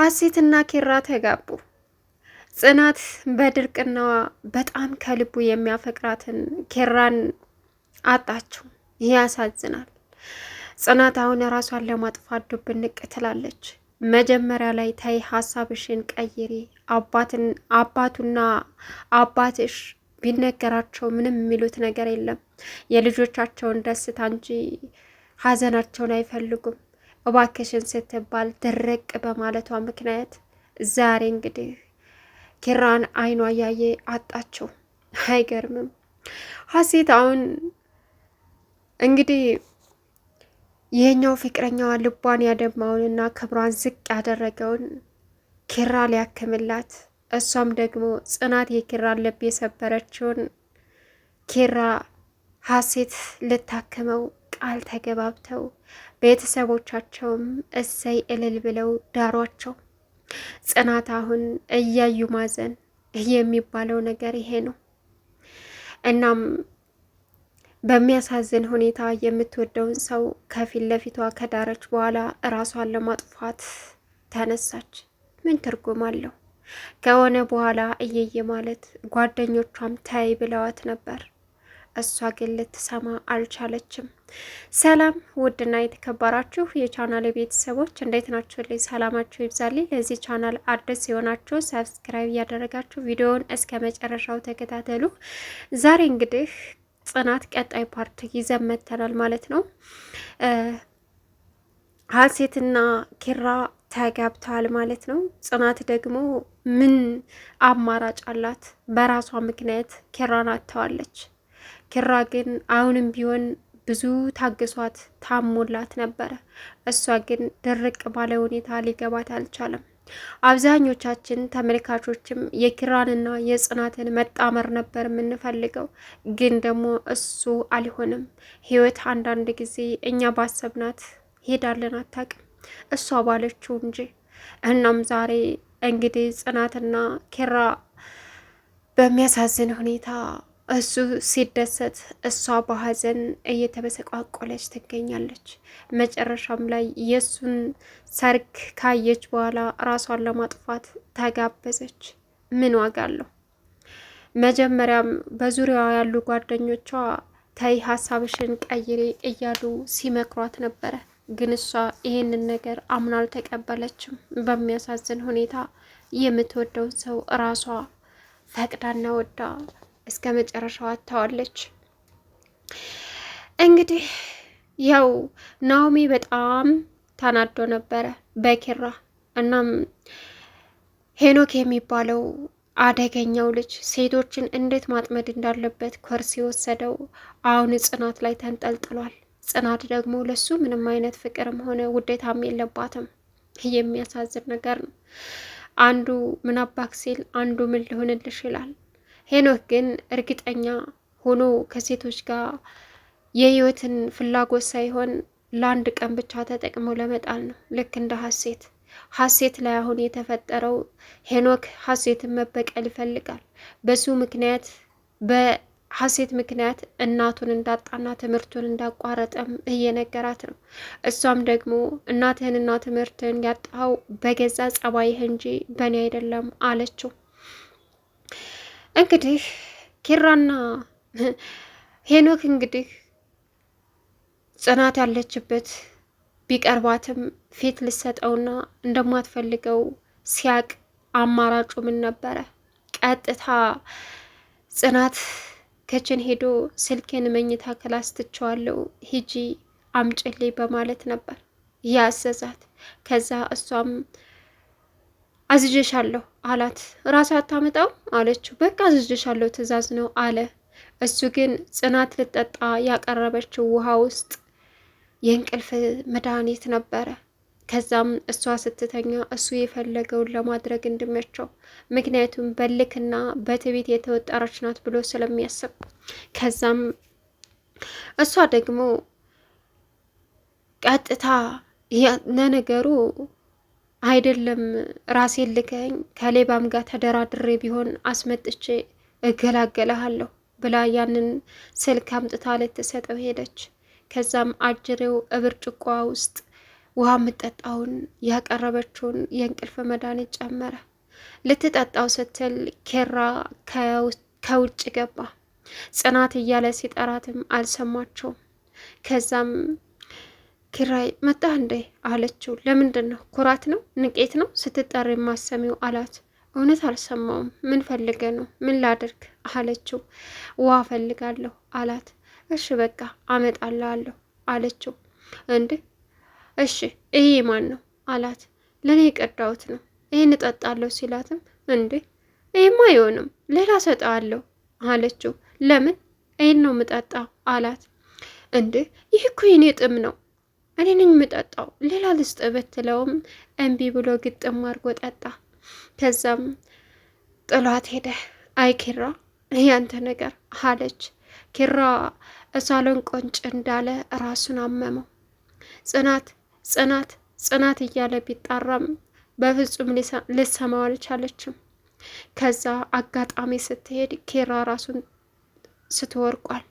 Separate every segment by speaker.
Speaker 1: ሀሴትና ኪራ ተጋቡ። ጽናት በድርቅና በጣም ከልቡ የሚያፈቅራትን ኪራን አጣችው። ያሳዝናል። ጽናት አሁን ራሷን ለማጥፋት ዱብ ንቅ ትላለች። መጀመሪያ ላይ ታይ ሀሳብሽን ቀይሪ፣ አባትን አባቱና አባትሽ ቢነገራቸው ምንም የሚሉት ነገር የለም። የልጆቻቸውን ደስታ እንጂ ሀዘናቸውን አይፈልጉም። እባክሽን ስትባል ድርቅ በማለቷ ምክንያት ዛሬ እንግዲህ ኪራን አይኗ እያየ አጣቸው። አይገርምም። ሀሴት አሁን እንግዲህ ይህኛው ፍቅረኛዋ ልቧን ያደማውንና ክብሯን ዝቅ ያደረገውን ኪራ ሊያክምላት፣ እሷም ደግሞ ጽናት የኪራን ልብ የሰበረችውን ኪራ ሀሴት ልታክመው ቃል ተገባብተው ቤተሰቦቻቸውም እሰይ እልል ብለው ዳሯቸው። ጽናት አሁን እያዩ ማዘን የሚባለው ነገር ይሄ ነው። እናም በሚያሳዝን ሁኔታ የምትወደውን ሰው ከፊት ለፊቷ ከዳረች በኋላ እራሷን ለማጥፋት ተነሳች። ምን ትርጉም አለው? ከሆነ በኋላ እየየ ማለት ጓደኞቿም ተይ ብለዋት ነበር። እሷ ግን ልትሰማ አልቻለችም። ሰላም ውድና የተከበራችሁ የቻናል ቤተሰቦች እንዴት ናችሁ? ልኝ ሰላማችሁ ይብዛል። ለዚህ ቻናል አዲስ የሆናችሁ ሰብስክራይብ እያደረጋችሁ ቪዲዮውን እስከ መጨረሻው ተከታተሉ። ዛሬ እንግዲህ ጽናት ቀጣይ ፓርት ይዘን መጥተናል ማለት ነው። ሀሴትና ኪራ ተጋብተዋል ማለት ነው። ጽናት ደግሞ ምን አማራጭ አላት? በራሷ ምክንያት ኪራን አጥተዋለች። ኪራ ግን አሁንም ቢሆን ብዙ ታግሷት ታሞላት ነበረ። እሷ ግን ድርቅ ባለ ሁኔታ ሊገባት አልቻለም። አብዛኞቻችን ተመልካቾችም የኪራንና የጽናትን መጣመር ነበር የምንፈልገው፣ ግን ደግሞ እሱ አልሆንም። ህይወት አንዳንድ ጊዜ እኛ ባሰብናት ሄዳለን አታውቅም፣ እሷ ባለችው እንጂ። እናም ዛሬ እንግዲህ ጽናትና ኪራ በሚያሳዝን ሁኔታ እሱ ሲደሰት እሷ በሀዘን እየተበሰቋቆለች ትገኛለች። መጨረሻም ላይ የእሱን ሰርግ ካየች በኋላ ራሷን ለማጥፋት ተጋበዘች። ምን ዋጋ አለው? መጀመሪያም በዙሪያዋ ያሉ ጓደኞቿ ተይ ሀሳብሽን ቀይሬ እያሉ ሲመክሯት ነበረ። ግን እሷ ይህንን ነገር አምና አልተቀበለችም። በሚያሳዝን ሁኔታ የምትወደውን ሰው ራሷ ፈቅዳና ወዳ እስከ መጨረሻው አታዋለች። እንግዲህ ያው ናኦሚ በጣም ተናዶ ነበረ በኪራ። እናም ሄኖክ የሚባለው አደገኛው ልጅ ሴቶችን እንዴት ማጥመድ እንዳለበት ኮርስ የወሰደው አሁን ጽናት ላይ ተንጠልጥሏል። ጽናት ደግሞ ለሱ ምንም አይነት ፍቅርም ሆነ ውዴታም የለባትም። የሚያሳዝን ነገር ነው። አንዱ ምን አባክ ሲል አንዱ ምን ልሆንልሽ ይላል። ሄኖክ ግን እርግጠኛ ሆኖ ከሴቶች ጋር የህይወትን ፍላጎት ሳይሆን ለአንድ ቀን ብቻ ተጠቅሞ ለመጣል ነው። ልክ እንደ ሀሴት ሀሴት ላይ አሁን የተፈጠረው ሄኖክ ሀሴትን መበቀል ይፈልጋል። በሱ ምክንያት በሀሴት ምክንያት እናቱን እንዳጣና ትምህርቱን እንዳቋረጠም እየነገራት ነው። እሷም ደግሞ እናትህንና ትምህርትን ያጣኸው በገዛ ጸባይህ እንጂ በእኔ አይደለም አለችው። እንግዲህ ኪራና ሄኖክ እንግዲህ ጽናት ያለችበት ቢቀርባትም ፊት ልሰጠውና እንደማትፈልገው ሲያቅ አማራጩ ምን ነበረ? ቀጥታ ጽናት ከችን ሄዶ ስልኬን መኝታ ክላስ ሂጂ አምጭሌ በማለት ነበር ያዘዛት። ከዛ እሷም አዝዤሻለሁ አላት። ራሱ አታመጣው አለችው። በቃ አዝዤሻለሁ ትዕዛዝ ነው አለ። እሱ ግን ጽናት ልጠጣ ያቀረበችው ውሃ ውስጥ የእንቅልፍ መድኃኒት ነበረ። ከዛም እሷ ስትተኛ እሱ የፈለገውን ለማድረግ እንዲመቸው ምክንያቱም በልክና በትዕቢት የተወጠረች ናት ብሎ ስለሚያስብ ከዛም እሷ ደግሞ ቀጥታ ለነገሩ አይደለም ራሴ ልከኝ ከሌባም ጋር ተደራድሬ ቢሆን አስመጥቼ እገላገለሃለሁ ብላ ያንን ስልክ አምጥታ ልትሰጠው ሄደች። ከዛም አጅሬው ብርጭቋ ውስጥ ውሃ የምጠጣውን ያቀረበችውን የእንቅልፍ መድኃኒት ጨመረ። ልትጠጣው ስትል ኬራ ከውጭ ገባ። ጽናት እያለ ሲጠራትም አልሰማቸውም። ከዛም ኪራይ መጣህ እንዴ አለችው። ለምንድን ነው ኩራት ነው ንቄት ነው ስትጠሪ የማሰሚው አላት። እውነት አልሰማውም። ምን ፈልገ ነው ምን ላድርግ አለችው። ውሃ ፈልጋለሁ አላት። እሺ በቃ አመጣላለሁ አለችው። እንዴ እሺ ይሄ ማን ነው አላት። ለእኔ የቀዳሁት ነው ይህን እጠጣለሁ ሲላትም እንዴ ይህም አይሆንም ሌላ ሰጠዋለሁ አለችው። ለምን ይህን ነው ምጠጣ አላት። እንዴ ይህ እኮ የኔ ጥም ነው እኔ ነኝ የምጠጣው ሌላ ልስጥ ብትለውም እምቢ ብሎ ግጥም አድርጎ ጠጣ። ከዛም ጥሏት ሄደ። አይ ኪራ ያንተ ነገር አለች። ኪራ እሳሎን ቆንጭ እንዳለ ራሱን አመመው። ጽናት ጽናት ጽናት እያለ ቢጣራም በፍጹም ልሰማው አልቻለችም። ከዛ አጋጣሚ ስትሄድ ኪራ ራሱን ስትወርቋል።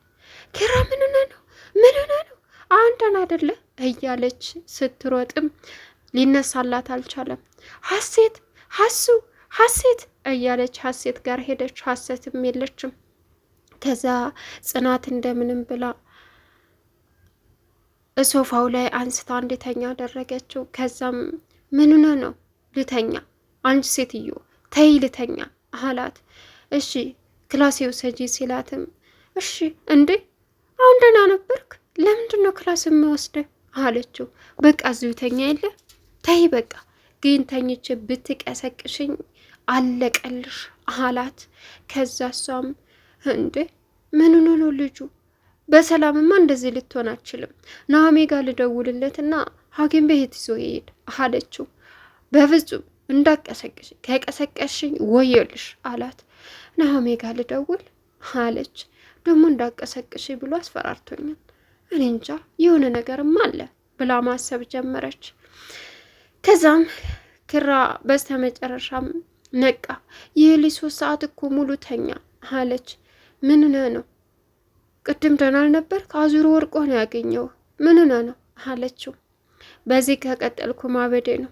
Speaker 1: ኪራ ምን ሆነ ነው? ምን ሆነ ነው? አንተን አይደለ እያለች ስትሮጥም ሊነሳላት አልቻለም። ሀሴት ሀሱ ሀሴት እያለች ሀሴት ጋር ሄደች። ሀሴትም የለችም። ከዛ ጽናት እንደምንም ብላ እሶፋው ላይ አንስታ እንድተኛ አደረገችው። ከዛም ምንነ ነው ልተኛ፣ አንቺ ሴትዮ ተይ ልተኛ አላት። እሺ ክላሴው ሰጂ ሲላትም እሺ እንዴ አሁን ደህና ነበርክ? ለምንድን ነው ክላስ የሚወስደው? አለችው። በቃ እዚሁ ተኛ የለ ተይ፣ በቃ ግን ተኝች ብትቀሰቅሽኝ አለቀልሽ አላት። ከዛ እሷም እንዴ ምን ሆኖ ልጁ በሰላምማ እንደዚህ ልትሆን አችልም። ናሜ ጋር ልደውልለትና ሐኪም ቤት ይዞ ይሄድ አለችው። በፍጹም እንዳቀሰቅሽ ከቀሰቀሽኝ ወየልሽ አላት። ናሜ ጋር ልደውል አለች። ደግሞ እንዳቀሰቅሽ ብሎ አስፈራርቶኛል እኔ እንጃ የሆነ ነገርም አለ ብላ ማሰብ ጀመረች። ከዛም ክራ በስተመጨረሻም ነቃ። ይህ ልጅ ሶስት ሰዓት እኮ ሙሉ ተኛ አለች። ምን ነህ ነው? ቅድም ደህና አልነበር? ከአዙሮ ወርቆ ነው ያገኘው። ምን ነህ ነው አለችው። በዚህ ከቀጠልኩ ማበዴ ነው።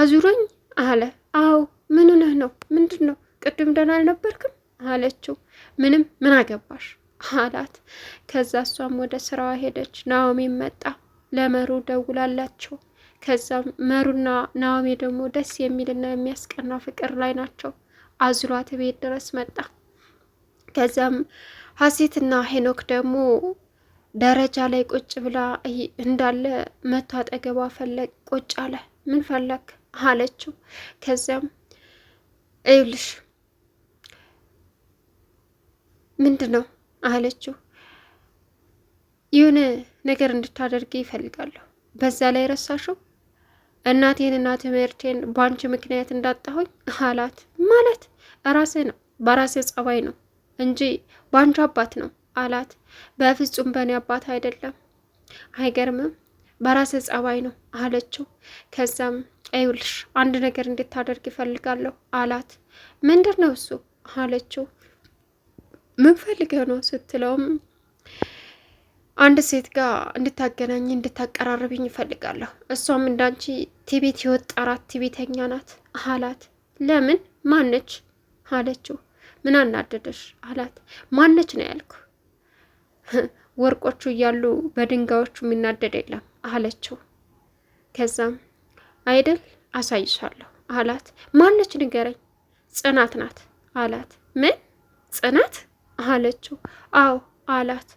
Speaker 1: አዙሮኝ አለ። አዎ ምን ነህ ነው? ምንድን ነው? ቅድም ደህና አልነበርክም አለችው። ምንም ምን አገባሽ አላት። ከዛ እሷም ወደ ስራዋ ሄደች። ናኦሚም መጣ። ለመሩ ደውላላቸው። ከዛም መሩና ናኦሚ ደግሞ ደስ የሚልና የሚያስቀና ፍቅር ላይ ናቸው። አዝሏት ቤት ድረስ መጣ። ከዛም ሀሴትና ሄኖክ ደግሞ ደረጃ ላይ ቁጭ ብላ እንዳለ መቶ አጠገቧ ፈለግ ቁጭ አለ። ምን ፈለግ አለችው። ከዚያም ይኸውልሽ ምንድን ነው አለችው። የሆነ ነገር እንድታደርግ ይፈልጋለሁ። በዛ ላይ ረሳሽው እናቴንና ትምህርቴን በአንቺ ምክንያት እንዳጣሁኝ አላት። ማለት ራሴ ነው በራሴ ጸባይ ነው እንጂ በአንቺ አባት ነው አላት። በፍጹም በእኔ አባት አይደለም። አይገርምም በራሴ ጸባይ ነው አለችው። ከዛም ይኸውልሽ አንድ ነገር እንድታደርግ ይፈልጋለሁ አላት። ምንድን ነው እሱ አለችው። ምን ፈልገህ ነው ስትለውም አንድ ሴት ጋር እንድታገናኝ እንድታቀራርብኝ እፈልጋለሁ። እሷም እንዳንቺ ቲቤት ህይወት አራት ቲቤተኛ ናት አላት። ለምን ማነች አለችው። ምን አናደደሽ አላት። ማነች ነው ያልኩ ወርቆቹ እያሉ በድንጋዮቹ የሚናደድ የለም አለችው። ከዛም አይደል አሳይሻለሁ አላት። ማነች ንገረኝ። ጽናት ናት አላት። ምን ጽናት አለችው። አዎ አላት።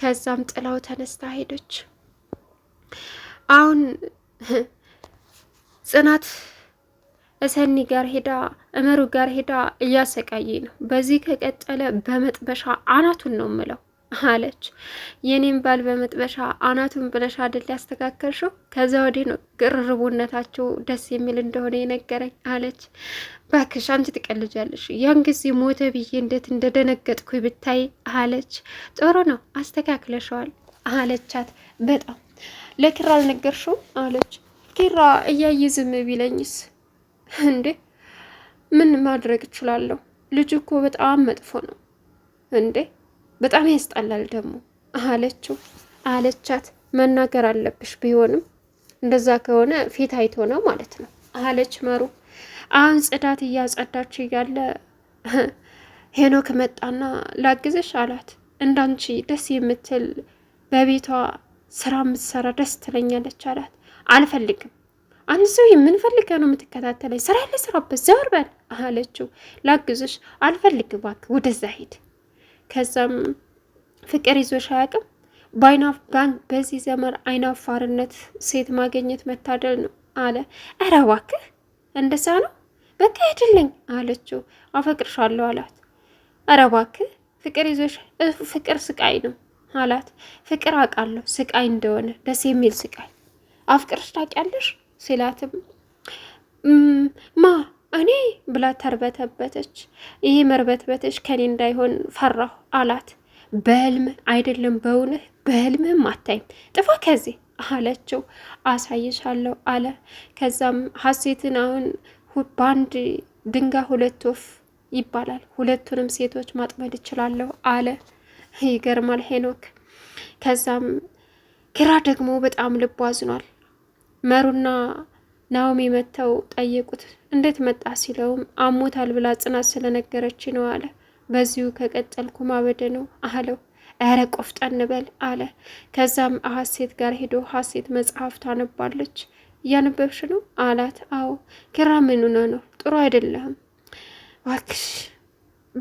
Speaker 1: ከዛም ጥላው ተነስታ ሄደች። አሁን ጽናት እሰኒ ጋር ሄዳ እመሩ ጋር ሄዳ እያሰቃየ ነው። በዚህ ከቀጠለ በመጥበሻ አናቱን ነው ምለው አለች። የኔን ባል በመጥበሻ አናቱን ብለሽ አይደል ያስተካከልሽው? ከዛ ወዲህ ነው ቅርርቡነታቸው ደስ የሚል እንደሆነ የነገረኝ አለች። ባክሽ አንቺ ትቀልጃለሽ። ያን ጊዜ ሞተ ብዬ እንዴት እንደደነገጥኩ ብታይ አለች። ጥሩ ነው አስተካክለሸዋል አለቻት። በጣም ለኪራ አልነገርሽውም? አለች። ኪራ እያየ ዝም ቢለኝስ? እንዴ ምን ማድረግ እችላለሁ? ልጅ እኮ በጣም መጥፎ ነው እንዴ በጣም ያስጠላል ደግሞ አለችው አለቻት። መናገር አለብሽ ቢሆንም እንደዛ ከሆነ ፊት አይቶ ነው ማለት ነው አለች መሩ። አሁን ጽዳት እያጸዳች እያለ ሄኖክ መጣና ላግዝሽ አላት። እንዳንቺ ደስ የምትል በቤቷ ስራ የምትሰራ ደስ ትለኛለች አላት። አልፈልግም አንድ ሰው የምንፈልገ ነው የምትከታተለኝ፣ ስራ ያለ ስራበት ዘወር በል አለችው። ላግዝሽ አልፈልግም፣ እባክህ ወደዛ ሂድ ከዛም ፍቅር ይዞሽ አያውቅም። በአይናባን በዚህ ዘመን አይናፋርነት ሴት ማግኘት መታደል ነው አለ። እረ እባክህ እንደዛ ነው በቃ ሄድልኝ አለችው። አፈቅርሻለሁ አላት። እረ እባክህ ፍቅር ይዞሽ ፍቅር ስቃይ ነው አላት። ፍቅር አውቃለሁ ስቃይ እንደሆነ ደስ የሚል ስቃይ። አፍቅርሽ ታውቂያለሽ ሲላትም ማ እኔ ብላ ተርበተበተች። ይህ መርበትበተች ከኔ እንዳይሆን ፈራሁ አላት። በህልም አይደለም በእውነት በህልምም አታይም፣ ጥፋ ከዚህ አለችው። አሳይሻለሁ አለ። ከዛም ሀሴትን አሁን በአንድ ድንጋይ ሁለት ወፍ ይባላል፣ ሁለቱንም ሴቶች ማጥመድ እችላለሁ አለ። ይገርማል ሄኖክ። ከዛም ኪራ ደግሞ በጣም ልቧ አዝኗል። መሩና ናኦሚ መጥተው ጠየቁት። እንዴት መጣ ሲለውም አሞታል ብላ ጽናት ስለነገረች ነው አለ። በዚሁ ከቀጠልኩ ማበደ ነው አለው። እረ ቆፍጠን በል አለ። ከዛም ሀሴት ጋር ሄዶ ሀሴት መጽሐፍ ታነባለች። እያነበብሽ ነው አላት። አዎ። ኪራ ምኑነ ነው ጥሩ አይደለም ዋክሽ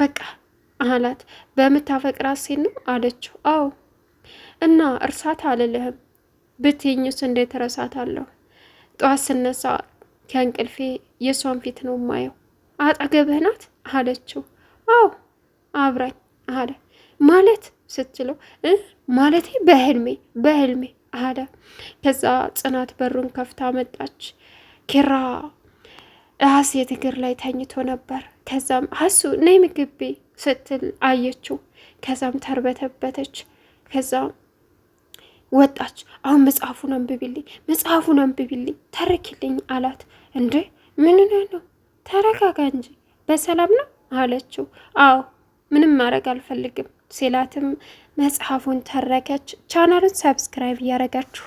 Speaker 1: በቃ አላት። በምታፈቅራት ሴት ነው አለችው። አዎ። እና እርሳት አልልህም ብትኝስ እንዴት እረሳታለሁ? ጠዋት ስነሳ ከእንቅልፌ የእሷን ፊት ነው ማየው። አጠገብህ ናት አለችው። አዎ አብራኝ አለ። ማለት ስትለው ማለቴ በህልሜ በህልሜ አለ። ከዛ ጽናት በሩን ከፍታ መጣች። ኪራ ሀሴት እግር ላይ ተኝቶ ነበር። ከዛም ሀሱ ነይ ምግቤ ስትል አየችው። ከዛም ተርበተበተች። ከዛም ወጣች። አሁን መጽሐፉን አንብቢልኝ፣ መጽሐፉን አንብቢልኝ፣ ተረክልኝ አላት። እንዴ ምን ነው? ተረጋጋ እንጂ በሰላም ነው አለችው። አዎ ምንም ማድረግ አልፈልግም ሲላትም መጽሐፉን ተረከች። ቻናሉን ሰብስክራይብ እያረጋችሁ